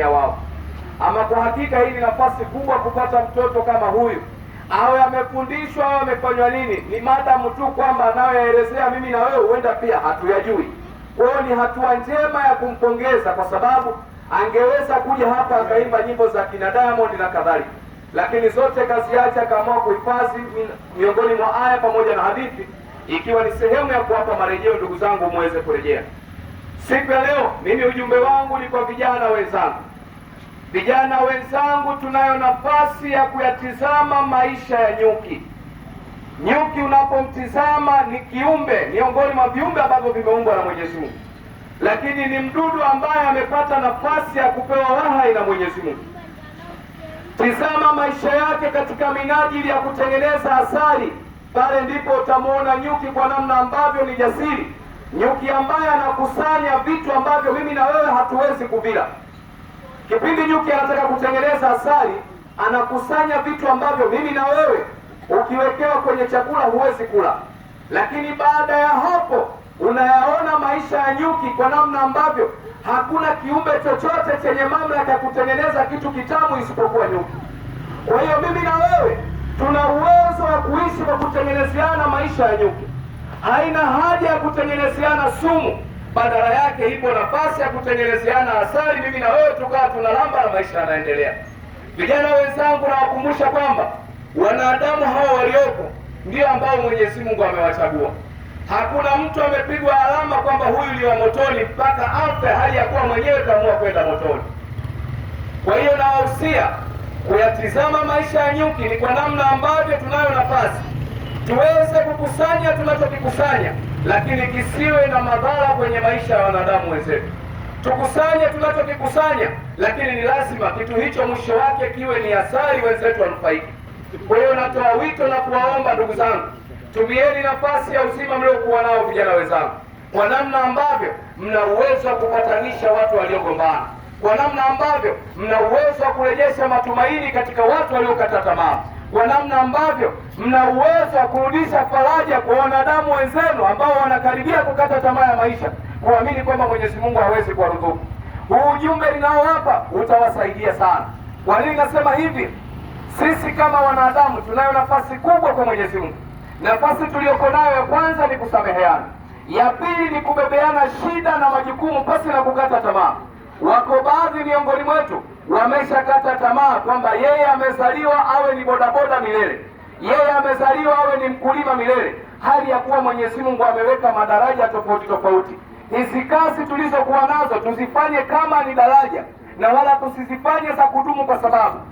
Wao. Ama kwa hakika hii ni nafasi kubwa kupata mtoto kama huyu, awe amefundishwa au amefanywa nini, ni madamu tu kwamba anayoelezea mimi na wewe huenda pia hatuyajui. Kwa hiyo ni hatua njema ya kumpongeza, kwa sababu angeweza kuja hapa akaimba nyimbo za kina Diamond na kadhalika, lakini zote kazi yake akaamua kuhifadhi miongoni mwa aya pamoja na hadithi, ikiwa ni sehemu ya kuwapa marejeo ndugu zangu muweze kurejea. Siku ya leo mimi ujumbe wangu ni kwa vijana wenzangu. Vijana wenzangu, tunayo nafasi ya kuyatizama maisha ya nyuki. Nyuki unapomtizama ni kiumbe miongoni mwa viumbe ambavyo vimeumbwa na Mwenyezi Mungu, lakini ni mdudu ambaye amepata nafasi ya kupewa wahai na Mwenyezi Mungu. Tizama maisha yake katika minajili ya kutengeneza asali, pale ndipo utamwona nyuki kwa namna ambavyo ni jasiri nyuki ambaye anakusanya vitu ambavyo mimi na wewe hatuwezi kuvila. Kipindi nyuki anataka kutengeneza asali, anakusanya vitu ambavyo mimi na wewe ukiwekewa kwenye chakula huwezi kula, lakini baada ya hapo unayaona maisha ya nyuki kwa namna ambavyo hakuna kiumbe chochote chenye mamlaka ya kutengeneza kitu kitamu isipokuwa nyuki. Kwa hiyo mimi na wewe tuna uwezo wa kuishi kwa kutengenezeana maisha ya nyuki haina haja ya kutengenezeana sumu, badala yake ipo nafasi ya kutengenezeana asali, mimi na wewe tukaa lamba na maisha yanaendelea. Vijana wenzangu, nawakumbusha kwamba wanadamu hawa waliopo ndio ambao Mwenyezi Mungu amewachagua. Hakuna mtu amepigwa alama kwamba huyu liwa motoni mpaka afe, hali ya kuwa mwenyewe kaamua kwenda motoni. Kwa hiyo nawahusia kuyatizama maisha ya nyuki ni kwa namna ambavyo tunayo nafasi tuweze kukusanya tunachokikusanya, lakini kisiwe na madhara kwenye maisha ya wanadamu wenzetu. Tukusanye tunachokikusanya, lakini ni lazima kitu hicho mwisho wake kiwe ni athari, wenzetu wanufaike. Kwa hiyo natoa wito na kuwaomba ndugu zangu, tumieni nafasi ya uzima mliokuwa nao vijana wenzangu, kwa namna ambavyo mna uwezo wa kupatanisha watu waliogombana, kwa namna ambavyo mna uwezo wa kurejesha matumaini katika watu waliokata tamaa kwa namna ambavyo mna uwezo wa kurudisha faraja kwa wanadamu wenzenu ambao wanakaribia kukata tamaa ya maisha, kuamini kwamba Mwenyezi Mungu hawezi kuwarudhuku. Huu ujumbe ninaowapa utawasaidia sana. Kwa nini nasema hivi? Sisi kama wanadamu tunayo nafasi kubwa kwa Mwenyezi Mungu. Nafasi tuliyoko nayo ya kwanza ni kusameheana, ya pili ni kubebeana shida na majukumu pasi na kukata tamaa. Wako baadhi miongoni mwetu wameshakata tamaa kwamba yeye amezaliwa awe ni bodaboda milele, yeye amezaliwa awe ni mkulima milele, hali ya kuwa Mwenyezi Mungu ameweka madaraja tofauti tofauti. Hizi kazi tulizokuwa nazo tuzifanye kama ni daraja na wala tusizifanye za kudumu, kwa sababu